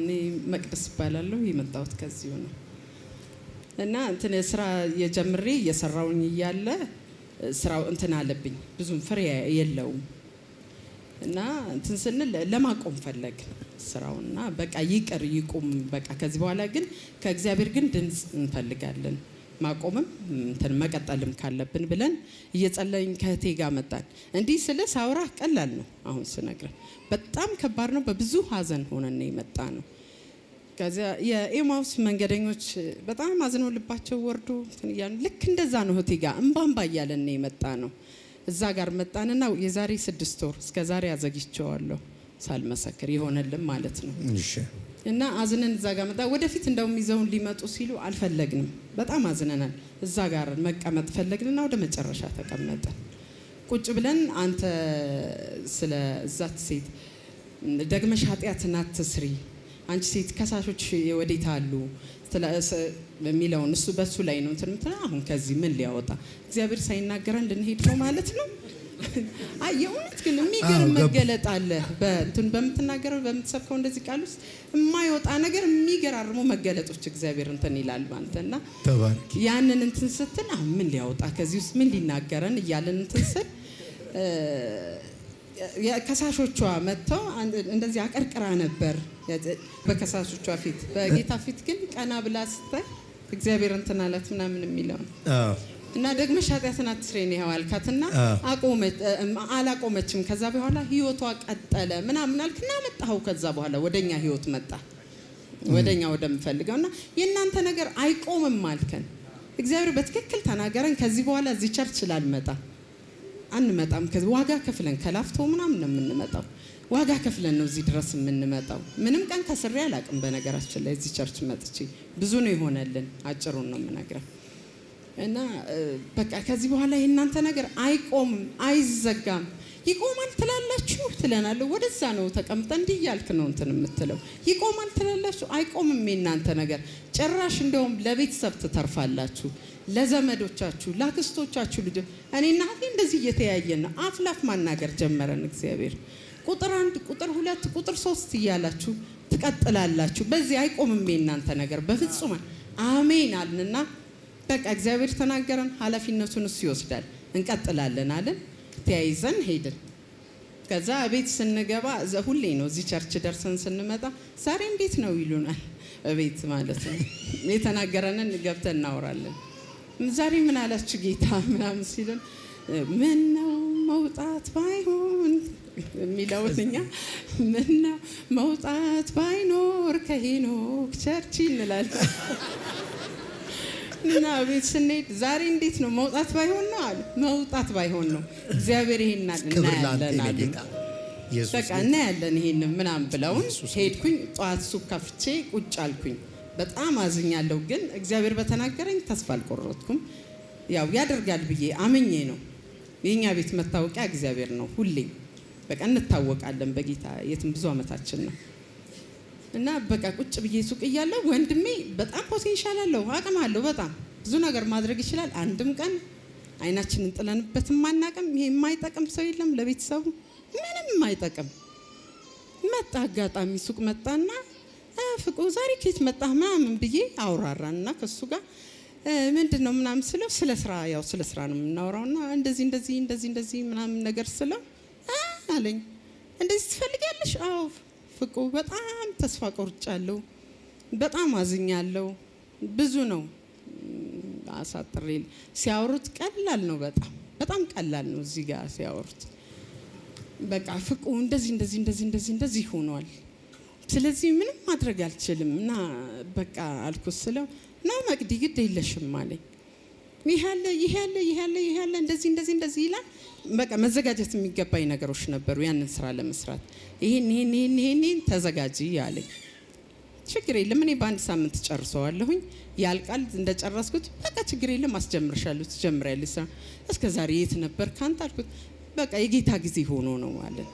እኔ መቅደስ እባላለሁ። የመጣሁት ከዚሁ ነው እና እንትን ስራ የጀምሬ እየሰራውኝ እያለ ስራው እንትን አለብኝ ብዙም ፍሬ የለውም እና እንትን ስንል ለማቆም ፈለግ ስራውና በቃ ይቅር ይቁም በቃ ከዚህ በኋላ ግን ከእግዚአብሔር ግን ድምፅ እንፈልጋለን ማቆምም እንትን መቀጠልም ካለብን ብለን እየጸለይን ከእህቴ ጋር መጣን። እንዲህ ስለ ሳውራ ቀላል ነው፣ አሁን ስነግር በጣም ከባድ ነው። በብዙ ሀዘን ሆነን የመጣ ነው። ከዚያ የኤማውስ መንገደኞች በጣም ልባቸው ወርዶ እያሉ ልክ እንደዛ ነው። እህቴ ጋር እምባምባ እያለን የመጣ ነው። እዛ ጋር መጣንና የዛሬ ስድስት ወር እስከ ዛሬ አዘግቼዋለሁ ሳልመሰክር ይሆነልም ማለት ነው። እና አዝነን እዛ ጋር መጣ። ወደፊት እንደውም ይዘውን ሊመጡ ሲሉ አልፈለግንም። በጣም አዝነናል። እዛ ጋር መቀመጥ ፈለግንና ወደ መጨረሻ ተቀመጠን። ቁጭ ብለን አንተ ስለ እዛት ሴት ደግመሽ ኃጢአትን ናትስሪ አንቺ ሴት ከሳሾች ወዴት አሉ የሚለውን እሱ በሱ ላይ ነው እንትን አሁን ከዚህ ምን ሊያወጣ እግዚአብሔር ሳይናገረን ልንሄድ ነው ማለት ነው አይ የእውነት ግን የሚገርም መገለጥ አለ። በእንትን በምትናገረው በምትሰብከው እንደዚህ ቃል ውስጥ የማይወጣ ነገር የሚገራርሙ መገለጦች እግዚአብሔር እንትን ይላል ማለት እና ያንን እንትን ስትል ምን ሊያወጣ ከዚህ ውስጥ ምን ሊናገረን እያለን እንትን ስል ከሳሾቿ መጥተው እንደዚህ አቀርቅራ ነበር በከሳሾቿ ፊት፣ በጌታ ፊት ግን ቀና ብላ ስታይ እግዚአብሔር እንትን አላት ምናምን የሚለው ነው እና ደግመሽ ኃጢአትን አትስሪ ነው ያልካትና አላቆመችም። ከዛ በኋላ ህይወቷ ቀጠለ ምናምን አልክና መጣኸው። ከዛ በኋላ ወደኛ ህይወት መጣ፣ ወደኛ ወደምፈልገው እና የእናንተ ነገር አይቆምም አልከን። እግዚአብሔር በትክክል ተናገረን። ከዚህ በኋላ እዚህ ቸርች ላልመጣ አንመጣም። ዋጋ ከፍለን ከላፍቶ ምናምን ነው የምንመጣው። ዋጋ ከፍለን ነው እዚህ ድረስ የምንመጣው። ምንም ቀን ከስሬ አላቅም። በነገራችን ላይ እዚህ ቸርች መጥቼ ብዙ ነው የሆነልን። አጭሩን ነው የምነግረው። እና በቃ ከዚህ በኋላ የእናንተ ነገር አይቆምም፣ አይዘጋም። ይቆማል ትላላችሁ ትለናለሁ። ወደዛ ነው ተቀምጠ እንዲህ እያልክ ነው እንትን የምትለው። ይቆማል ትላላችሁ፣ አይቆምም የእናንተ ነገር ጭራሽ። እንደውም ለቤተሰብ ትተርፋላችሁ፣ ለዘመዶቻችሁ፣ ላክስቶቻችሁ ልጆች። እኔና አፌ እንደዚህ እየተያየን ነው። አፍላፍ ማናገር ጀመረን። እግዚአብሔር ቁጥር አንድ ቁጥር ሁለት ቁጥር ሶስት እያላችሁ ትቀጥላላችሁ። በዚህ አይቆምም የእናንተ ነገር በፍጹም አሜን አልንና በቃ እግዚአብሔር ተናገረን፣ ኃላፊነቱን እሱ ይወስዳል፣ እንቀጥላለን አለን። ተያይዘን ሄድን። ከዛ ቤት ስንገባ ሁሌ ነው እዚህ ቸርች ደርሰን ስንመጣ ዛሬ እንዴት ነው ይሉናል። እቤት ማለት ነው የተናገረንን ገብተን እናወራለን። ዛሬ ምን አላችሁ ጌታ ምናምን ሲሉን ምን ነው መውጣት ባይሆን የሚለውን እኛ ምን ነው መውጣት ባይኖር ከሄኖክ ቸርች እንላለን። እና ቤት ስንሄድ ዛሬ እንዴት ነው መውጣት ባይሆን ነው አሉ። መውጣት ባይሆን ነው እግዚአብሔር ይሄን እናያለን አሉ። በቃ እናያለን ይሄንም ምናምን ብለውን ሄድኩኝ። ጠዋት ሱቅ ከፍቼ ቁጭ አልኩኝ። በጣም አዝኛለሁ፣ ግን እግዚአብሔር በተናገረኝ ተስፋ አልቆረጥኩም። ያው ያደርጋል ብዬ አምኜ ነው። የእኛ ቤት መታወቂያ እግዚአብሔር ነው። ሁሌ በቃ እንታወቃለን በጌታ የትም ብዙ ዓመታችን ነው። እና በቃ ቁጭ ብዬ ሱቅ እያለሁ ወንድሜ በጣም ፖቴንሻል አለው፣ አቅም አለው፣ በጣም ብዙ ነገር ማድረግ ይችላል። አንድም ቀን አይናችንን ጥለንበት አናቅም። ይሄ የማይጠቅም ሰው የለም፣ ለቤተሰቡ ምንም የማይጠቅም መጣ። አጋጣሚ ሱቅ መጣና ፍቁ ዛሬ ኬት መጣ ምናምን ብዬ አውራራና ከሱ ጋር ምንድን ነው ምናምን ስለው ስለ ስራ ያው ስለ ስራ ነው እና እንደዚህ እንደዚህ እንደዚህ እንደዚህ ምናምን ነገር ስለው አለኝ እንደዚህ ትፈልጊያለሽ? አዎ ፍቁ በጣም ተስፋ ቆርጫለሁ። በጣም አዝኛለሁ። ብዙ ነው አሳጥሬ ሲያወሩት ቀላል ነው። በጣም በጣም ቀላል ነው። እዚህ ጋር ሲያወሩት በቃ ፍቁ እንደዚህ እንደዚህ እንደዚህ እንደዚህ እንደዚህ ሆኗል። ስለዚህ ምንም ማድረግ አልችልም እና በቃ አልኩት ስለው እና መቅዲ ግድ የለሽም አለኝ። ይሄ አለ ይሄ አለ ይሄ አለ ይሄ አለ እንደዚህ እንደዚህ እንደዚህ ይላል። በቃ መዘጋጀት የሚገባኝ ነገሮች ነበሩ ያንን ስራ ለመስራት። ይሄን ይሄን ይሄን ይሄን ተዘጋጂ ያለኝ ችግር የለም እኔ በአንድ ሳምንት ጨርሰዋለሁኝ። ያልቃል እንደጨረስኩት በቃ ችግር የለም አስጀምርሻለሁ፣ ትጀምሪያለሽ ስራ። እስከ ዛሬ የት ነበር ካንተ አልኩት። በቃ የጌታ ጊዜ ሆኖ ነው ማለት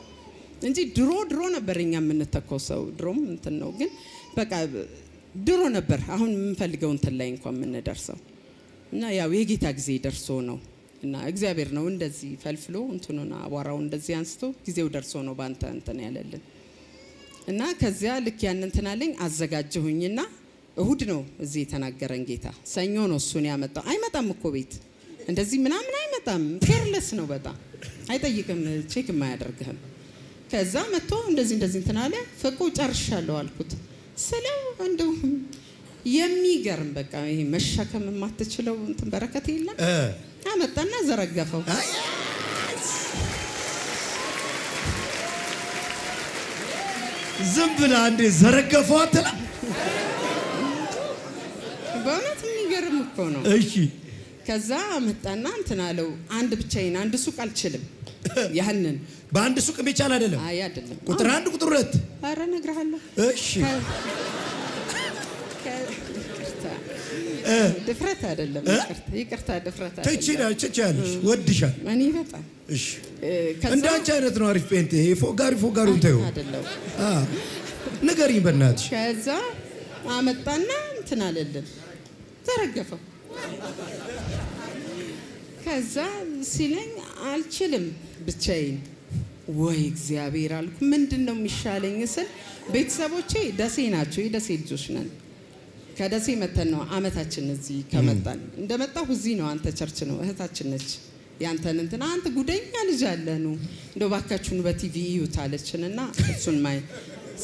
እንጂ ድሮ ድሮ ነበር እኛ የምንተኮሰው ድሮም እንትን ነው ግን በቃ ድሮ ነበር። አሁን የምንፈልገው እንትን ላይ እንኳን የምንደርሰው እና ያው የጌታ ጊዜ ደርሶ ነው እና እግዚአብሔር ነው እንደዚህ ፈልፍሎ እንትኑን አቧራው እንደዚህ አንስቶ ጊዜው ደርሶ ነው በአንተ እንትን ያለልን እና ከዚያ ልክ ያን እንትን አለኝ አዘጋጀሁኝና እሁድ ነው እዚህ የተናገረን ጌታ። ሰኞ ነው እሱን ያመጣው። አይመጣም እኮ ቤት እንደዚህ ምናምን አይመጣም። ኬርለስ ነው በጣም አይጠይቅም፣ ቼክም አያደርግህም። ከዛ መጥቶ እንደዚህ እንደዚህ እንትን አለ። ፈቆ ጨርሻለሁ አልኩት ስለው እንደውም የሚገርም በቃ ይሄ መሸከም የማትችለው እንትን በረከት የለም። አመጣና ዘረገፈው። ዝም ብላ እንዴ ዘረገፈው አትላ። በእውነት የሚገርም እኮ ነው። እሺ ከዛ አመጣና እንትን አለው። አንድ ብቻዬን አንድ ሱቅ አልችልም። ያንን በአንድ ሱቅ የሚቻል አይደለም። አይ አይደለም። ቁጥር አንድ ቁጥር ሁለት አረ እነግርሃለሁ። እሺ ድፍረት አይደለም፣ ይቅርታ ድፍረት አይደለም። ትችያለሽ፣ ወድሻል። እኔ በጣም እሺ። እንደ አንቺ አይነት ነው አሪፍ ጴንጤ። ፎጋሪ ተይው ንገሪኝ በእናትሽ። ከዛ አመጣና እንትን አለልን ተረገፈው። ከዛ ሲለኝ አልችልም ብቻዬን ወይ እግዚአብሔር አልኩ። ምንድን ነው የሚሻለኝ ስል ቤተሰቦቼ ደሴ ናቸው፣ የደሴ ልጆች ነን ከደሴ መተን ነው አመታችን እዚህ ከመጣን እንደመጣሁ እዚህ ነው። አንተ ቸርች ነው እህታችን ነች ያንተን እንትን አንተ ጉደኛ ልጅ አለ ነው እንደ ባካችሁን በቲቪ እዩት አለችን እና እሱን ማይ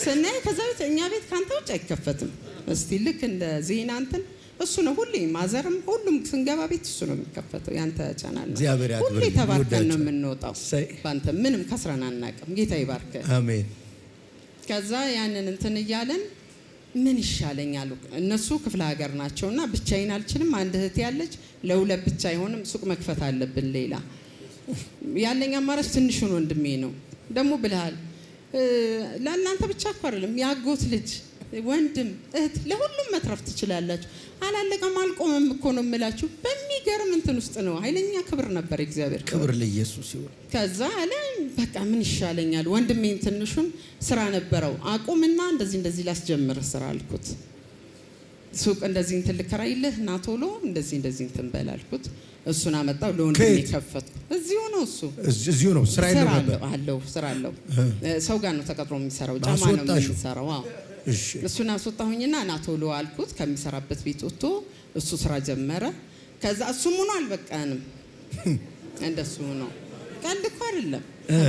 ስናይ ከዛ ቤት እኛ ቤት ከአንተ ውጭ አይከፈትም። እስቲ ልክ እንደ ዜና እንትን እሱ ነው ሁሌ ማዘርም ሁሉም ስንገባ ቤት እሱ ነው የሚከፈተው። ያንተ ቻናል ሁሌ ተባርከን ነው የምንወጣው። በአንተ ምንም ከስረን አናቅም ጌታ ይባርከ አሜን። ከዛ ያንን እንትን እያለን ምን ይሻለኛል? እነሱ ክፍለ ሀገር ናቸው እና ብቻዬን አልችልም። አንድ እህት ያለች ለሁለት ብቻ አይሆንም፣ ሱቅ መክፈት አለብን። ሌላ ያለኝ አማራጭ ትንሹን ወንድሜ ነው። ደግሞ ብልሃል ለእናንተ ብቻ እኮ አይደለም የአጎት ልጅ ወንድም እህት፣ ለሁሉም መትረፍ ትችላላችሁ። አላለቀም አልቆመም እኮ ነው የምላችሁ። በሚገርም እንትን ውስጥ ነው። ኃይለኛ ክብር ነበር እግዚአብሔር ክብር ለኢየሱስ ይሁን። ከዛ አለ በቃ ምን ይሻለኛል? ወንድሜን ትንሹን ስራ ነበረው አቁምና እንደዚህ እንደዚህ ላስጀምርህ ስራ አልኩት። ሱቅ እንደዚህ እንትን ልከራይልህ እና ቶሎ እንደዚህ እንደዚህ እንትን በል አልኩት። እሱን አመጣው ለወንድሜ ከፈትኩ። እዚሁ ነው እሱ እዚሁ ነው ስራ አለው ስራ አለው ሰው ጋር ነው ተቀጥሮ የሚሰራው ጫማ ነው የሚሰራው እሱን አስወጣሁኝና ና ቶሎ አልኩት። ከሚሰራበት ቤት ወጥቶ እሱ ስራ ጀመረ። ከዛ እሱም ሆኖ አልበቃንም። እንደሱ ነው። ቀልድ እኮ አይደለም፣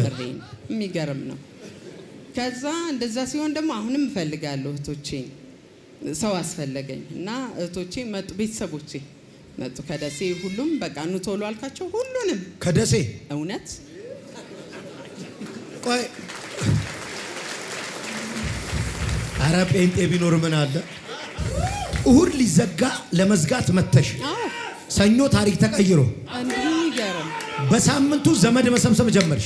ምሬ ነው። የሚገርም ነው። ከዛ እንደዛ ሲሆን ደግሞ አሁንም እፈልጋለሁ እህቶቼን፣ ሰው አስፈለገኝ እና እህቶቼ መጡ፣ ቤተሰቦቼ መጡ ከደሴ። ሁሉም በቃ ኑ ቶሎ አልካቸው፣ ሁሉንም ከደሴ እውነት አረ ጴንጤ ቢኖር ምን አለ? እሁድ ሊዘጋ ለመዝጋት መተሽ ሰኞ ታሪክ ተቀይሮ በሳምንቱ ዘመድ መሰብሰብ ጀመርሽ።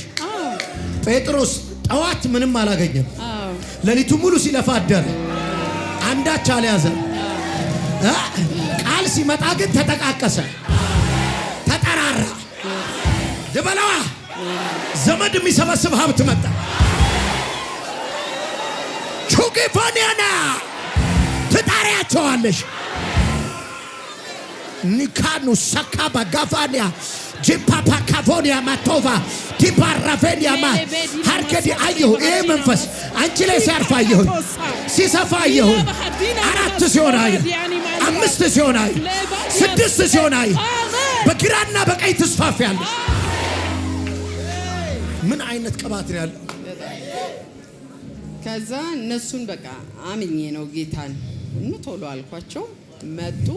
ጴጥሮስ ጠዋት ምንም አላገኘም። ሌሊቱ ሙሉ ሲለፋ አደረ። አንዳች አልያዘ። ቃል ሲመጣ ግን ተጠቃቀሰ፣ ተጠራራ። ድበላዋ ዘመድ የሚሰበስብ ሀብት መጣ። ቱኪፎኒያና ትጣሪያቸዋለሽ ኒካኑ ሰካ በጋፋንያ ጂፓፓ ካፎንያ ማቶቫ ቲፓራፌንያ ማ ሀርከዲ አየሁ። ይሄ መንፈስ አንቺ ላይ ሲያርፍ አየሁ፣ ሲሰፋ አየሁ። አራት ሲሆን አየሁ፣ አምስት ሲሆን አየሁ፣ ስድስት ሲሆን አየሁ። በግራና በቀኝ ትስፋፊያለሽ። ምን አይነት ቅባት ነው ያለው? ከዛ እነሱን በቃ አምኜ ነው ጌታን ኑ ቶሎ አልኳቸው። መጡ።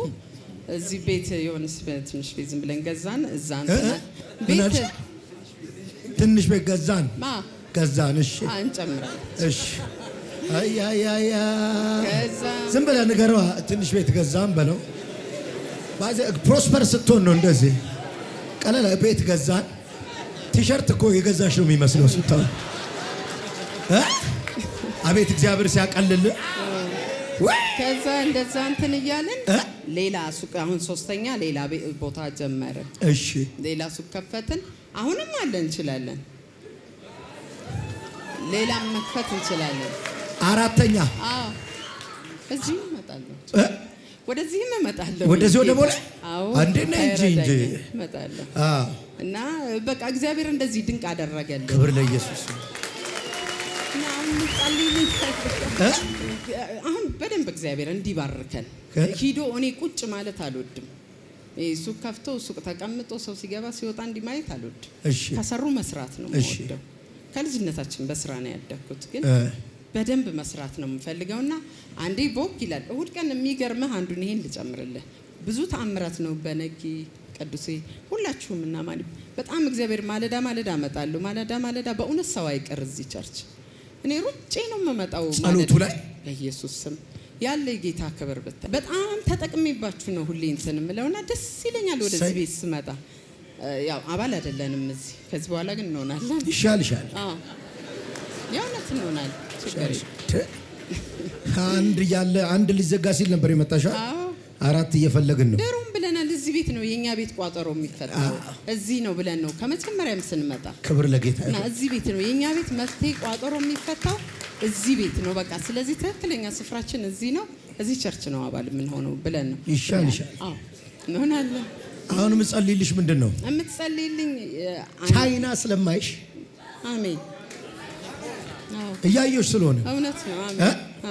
እዚህ ቤት የሆነ ትንሽ ቤት ዝም ብለን ገዛን። እዛ ትንሽ ቤት ገዛን ገዛን። እሺ አንጨምራለን። ዝም ብለህ ንገረዋ። ትንሽ ቤት ገዛን በለው። ፕሮስፐር ስትሆን ነው እንደዚህ ቀለል። ቤት ገዛን። ቲሸርት እኮ የገዛሽ ነው የሚመስለው ስታ አቤት እግዚአብሔር ሲያቀልልን ከዛ እንደዛ እንትን እያልን ሌላ ሱቅ አሁን ሶስተኛ ሌላ ቦታ ጀመረ። እሺ ሌላ ሱቅ ከፈትን። አሁንም አለ እንችላለን፣ ሌላ መክፈት እንችላለን። አራተኛ እዚህም እመጣለሁ፣ ወደዚህም እመጣለሁ፣ ወደዚህ ወደ ቦሌ እንዴ እንጂ እንጂ እመጣለሁ እና በቃ እግዚአብሔር እንደዚህ ድንቅ አደረገልን። ክብር ለኢየሱስ። አሁን በደንብ እግዚአብሔር እንዲባርከን ሂዶ እኔ ቁጭ ማለት አልወድም። ሱቅ ከፍቶ ሱቅ ተቀምጦ ሰው ሲገባ ሲወጣ እንዲህ ማየት አልወድም። ከሰሩ መስራት ነው የምወደው። ከልጅነታችን በስራ ነው ያደግኩት፣ ግን በደንብ መስራት ነው የምፈልገው እና አንዴ ቦግ ይላል። እሁድ ቀን የሚገርምህ አንዱን ይሄን ልጨምርልህ ብዙ ተአምራት ነው በነጊ ቅዱሴ ሁላችሁም እና በጣም እግዚአብሔር ማለዳ ማለዳ አመጣለሁ ማለዳ ማለዳ በእውነት ሰው አይቀር እዚህ ቸርች እኔ ሩጬ ነው የምመጣው ጸሎቱ ላይ በኢየሱስ ስም ያለ የጌታ ክብር ብታይ በጣም ተጠቅሜባችሁ ነው ሁሌ እንትን የምለውና ደስ ይለኛል። ወደዚህ ቤት ስመጣ ያው አባል አይደለንም እዚህ ከዚህ በኋላ ግን እንሆናለን። ይሻልሻል፣ የእውነት እንሆናለን። አንድ እያለ አንድ ሊዘጋ ሲል ነበር የመጣሻ አራት እየፈለግን ነው ቤት ነው የእኛ ቤት ቋጠሮ የሚፈታው? እዚህ ነው ብለን ነው ከመጀመሪያም ስንመጣ ክብር ለጌታ እና እዚህ ቤት ነው የእኛ ቤት መፍትሄ ቋጠሮ የሚፈታው እዚህ ቤት ነው። በቃ ስለዚህ ትክክለኛ ስፍራችን እዚህ ነው፣ እዚህ ቸርች ነው አባል የምንሆነው ብለን ነው ይሻል ይሻል እንሆናለን። አሁን የምጸልይልሽ ምንድን ነው የምትጸልይልኝ? ቻይና ስለማይሽ አሜን እያየሽ ስለሆነ እውነት ነው።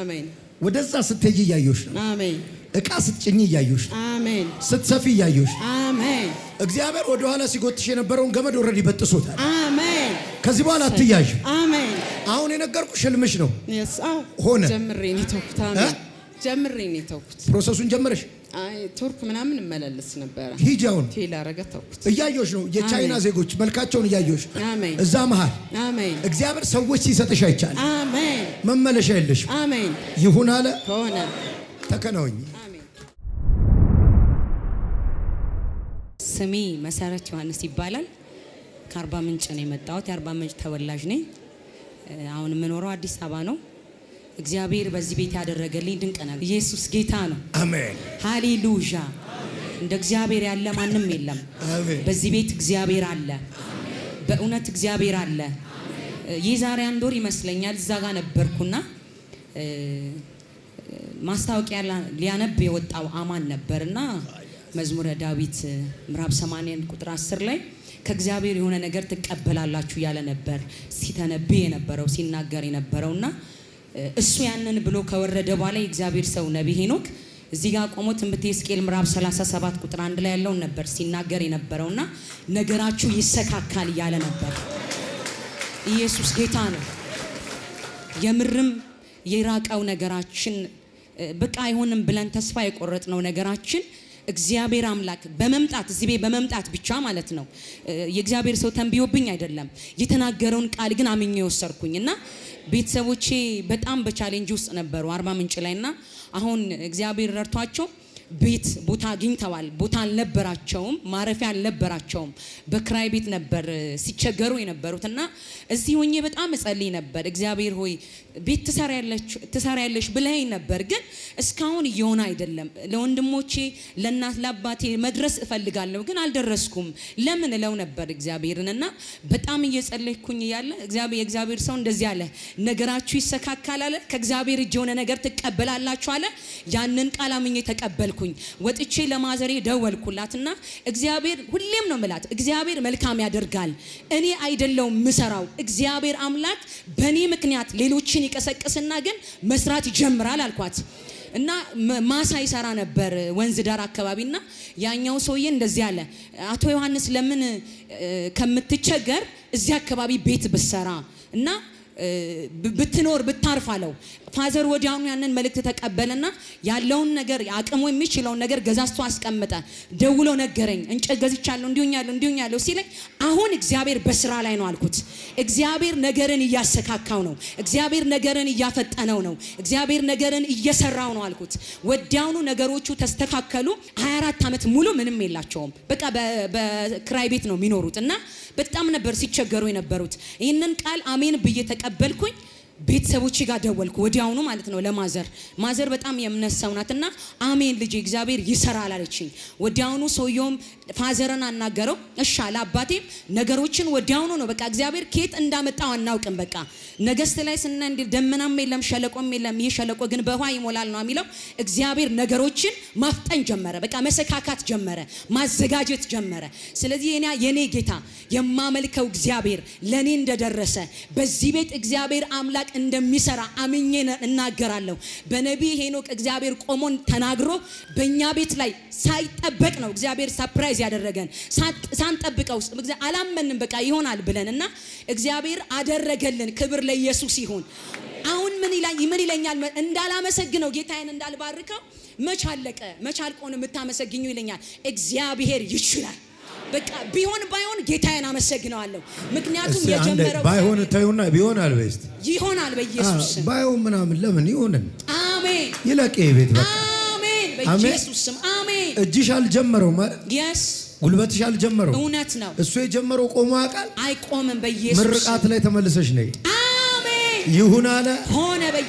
አሜን ወደዛ ስትሄጂ እያየሽ ነው። አሜን እቃ ስትጭኝ እያዩሽ፣ አሜን። ስትሰፊ እያዩሽ፣ አሜን። እግዚአብሔር ወደ ኋላ ሲጎትሽ የነበረውን ገመድ ወረድ ይበጥሶታል። አሜን። ከዚህ በኋላ አትያዥ። አሜን። አሁን የነገርኩሽ ህልምሽ ነው። ሆነ። ጀምሬ ነው የተውኩት። ፕሮሰሱን ጀምረሽ ቱርክ ምናምን እመላለስ ነበረ። ሂጂ አሁን ተውኩት። ነው የቻይና ዜጎች መልካቸውን እያየሽ እዛ መሃል እግዚአብሔር ሰዎች ሲሰጥሽ አይቻል። መመለሻ የለሽ። ይሁን አለ ሆነ። ተከናወኝ። ስሜ መሰረት ዮሐንስ ይባላል። ከአርባ ምንጭ ነው የመጣሁት። የአርባ ምንጭ ተወላጅ ነኝ። አሁን የምኖረው አዲስ አበባ ነው። እግዚአብሔር በዚህ ቤት ያደረገልኝ ድንቅ ነገር ኢየሱስ ጌታ ነው። አሜን ሃሌሉያ። እንደ እግዚአብሔር ያለ ማንም የለም። በዚህ ቤት እግዚአብሔር አለ። በእውነት እግዚአብሔር አለ። ይህ ዛሬ አንድ ወር ይመስለኛል እዛ ጋር ነበርኩና ማስታወቂያ ሊያነብ የወጣው አማን ነበርና መዝሙረ ዳዊት ምዕራፍ 80 ቁጥር 10 ላይ ከእግዚአብሔር የሆነ ነገር ትቀበላላችሁ እያለ ነበር ሲተነብይ የነበረው ሲናገር የነበረው እና እሱ ያንን ብሎ ከወረደ በኋላ የእግዚአብሔር ሰው ነቢይ ሄኖክ እዚህ ጋር ቆሞ ትንቢተ ሕዝቅኤል ምዕራፍ 37 ቁጥር አንድ ላይ ያለውን ነበር ሲናገር የነበረው እና ነገራችሁ ይሰካካል እያለ ነበር። ኢየሱስ ጌታ ነው። የምርም የራቀው ነገራችን በቃ አይሆንም ብለን ተስፋ የቆረጥነው ነገራችን እግዚአብሔር አምላክ በመምጣት እዚህ ቤት በመምጣት ብቻ ማለት ነው። የእግዚአብሔር ሰው ተንብዮብኝ አይደለም የተናገረውን ቃል ግን አምኜ የወሰድኩኝ እና ቤተሰቦቼ በጣም በቻሌንጅ ውስጥ ነበሩ አርባ ምንጭ ላይ እና አሁን እግዚአብሔር ረድቷቸው ቤት ቦታ አግኝተዋል። ቦታ አልነበራቸውም፣ ማረፊያ አልነበራቸውም። በክራይ ቤት ነበር ሲቸገሩ የነበሩት እና እዚህ ሆኜ በጣም እጸልይ ነበር። እግዚአብሔር ሆይ ቤት ትሰሪያለሽ ብለኸኝ ነበር፣ ግን እስካሁን እየሆነ አይደለም። ለወንድሞቼ ለእናት ለአባቴ መድረስ እፈልጋለሁ፣ ግን አልደረስኩም። ለምን እለው ነበር እግዚአብሔርን እና በጣም እየጸለይኩኝ እያለ የእግዚአብሔር ሰው እንደዚህ አለ፣ ነገራችሁ ይሰካካል አለ። ከእግዚአብሔር እጅ የሆነ ነገር ትቀበላላችሁ አለ። ያንን ቃል አምኜ ተቀበልኩ። ደወልኩኝ። ወጥቼ ለማዘሬ ደወልኩላትና እግዚአብሔር ሁሌም ነው ምላት እግዚአብሔር መልካም ያደርጋል። እኔ አይደለውም ምሰራው እግዚአብሔር አምላክ በእኔ ምክንያት ሌሎችን ይቀሰቅስና ግን መስራት ይጀምራል አልኳት። እና ማሳ ይሰራ ነበር ወንዝ ዳር አካባቢና ያኛው ሰውዬ እንደዚህ አለ፣ አቶ ዮሐንስ ለምን ከምትቸገር እዚህ አካባቢ ቤት ብሰራ እና ብትኖር ብታርፍ አለው። ፋዘር ወዲያውኑ ያንን መልእክት ተቀበለና ያለውን ነገር አቅሙ የሚችለውን ነገር ገዛዝቶ አስቀመጠ። ደውሎ ነገረኝ። እንጨት ገዝቻለሁ፣ እንዲሁኛለሁ፣ እንዲሁኛለሁ ሲለኝ አሁን እግዚአብሔር በስራ ላይ ነው አልኩት። እግዚአብሔር ነገርን እያሰካካው ነው። እግዚአብሔር ነገርን እያፈጠነው ነው። እግዚአብሔር ነገርን እየሰራው ነው አልኩት። ወዲያውኑ ነገሮቹ ተስተካከሉ። 24 ዓመት ሙሉ ምንም የላቸውም። በቃ በክራይ ቤት ነው የሚኖሩት እና በጣም ነበር ሲቸገሩ የነበሩት። ይህንን ቃል አሜን ብዬ ከተቀበልኩኝ ቤተሰቦች ጋር ደወልኩ ወዲያውኑ ማለት ነው ለማዘር። ማዘር በጣም የእምነት ሰው ናት እና አሜን ልጅ እግዚአብሔር ይሰራል አለችኝ። ወዲያውኑ ሰውየውም ፋዘርን አናገረው። እሻ አለ። ነገሮችን ወዲያውኑ ነው በቃ እግዚአብሔር ኬት እንዳመጣው አናውቅም። በቃ ነገስት ላይ ስና እንዲ ደመናም የለም ሸለቆም የለም ይህ ሸለቆ ግን በውሃ ይሞላል ነው የሚለው። እግዚአብሔር ነገሮችን ማፍጠን ጀመረ። በቃ መሰካካት ጀመረ፣ ማዘጋጀት ጀመረ። ስለዚህ የኔ ጌታ የማመልከው እግዚአብሔር ለእኔ እንደደረሰ በዚህ ቤት እግዚአብሔር አምላክ እንደሚሰራ አምኜ እናገራለሁ። በነቢይ ሄኖክ እግዚአብሔር ቆሞን ተናግሮ በእኛ ቤት ላይ ሳይጠበቅ ነው እግዚአብሔር ሰፕራይዝ ያደረገን። ሳንጠብቀው አላመንም፣ በቃ ይሆናል ብለን እና እግዚአብሔር አደረገልን። ክብር ለኢየሱስ ይሁን። አሁን ምን ይለኛል? እንዳላመሰግነው ጌታዬን እንዳልባርከው መች አለቀ መች አልቆን የምታመሰግኙ ይለኛል። እግዚአብሔር ይችላል። በቃ ቢሆን ባይሆን ጌታዬን አመሰግነዋለሁ። ምክንያቱም የጀመረው ባይሆን ታዩና ቢሆናል በስት ይሆናል በኢየሱስ ባይሆን ምናምን ለምን ይሆንን? አሜን ይለቅ ቤት አሜን በኢየሱስ ስም አሜን። እጅሽ አልጀመረው ማለት yes ጉልበትሽ አልጀመረው እውነት ነው። እሱ የጀመረው ቆሞ አውቃል አይቆምም። በኢየሱስ ምርቃት ላይ ተመልሰሽ ነይ። አሜን ይሁን አለ ሆነ።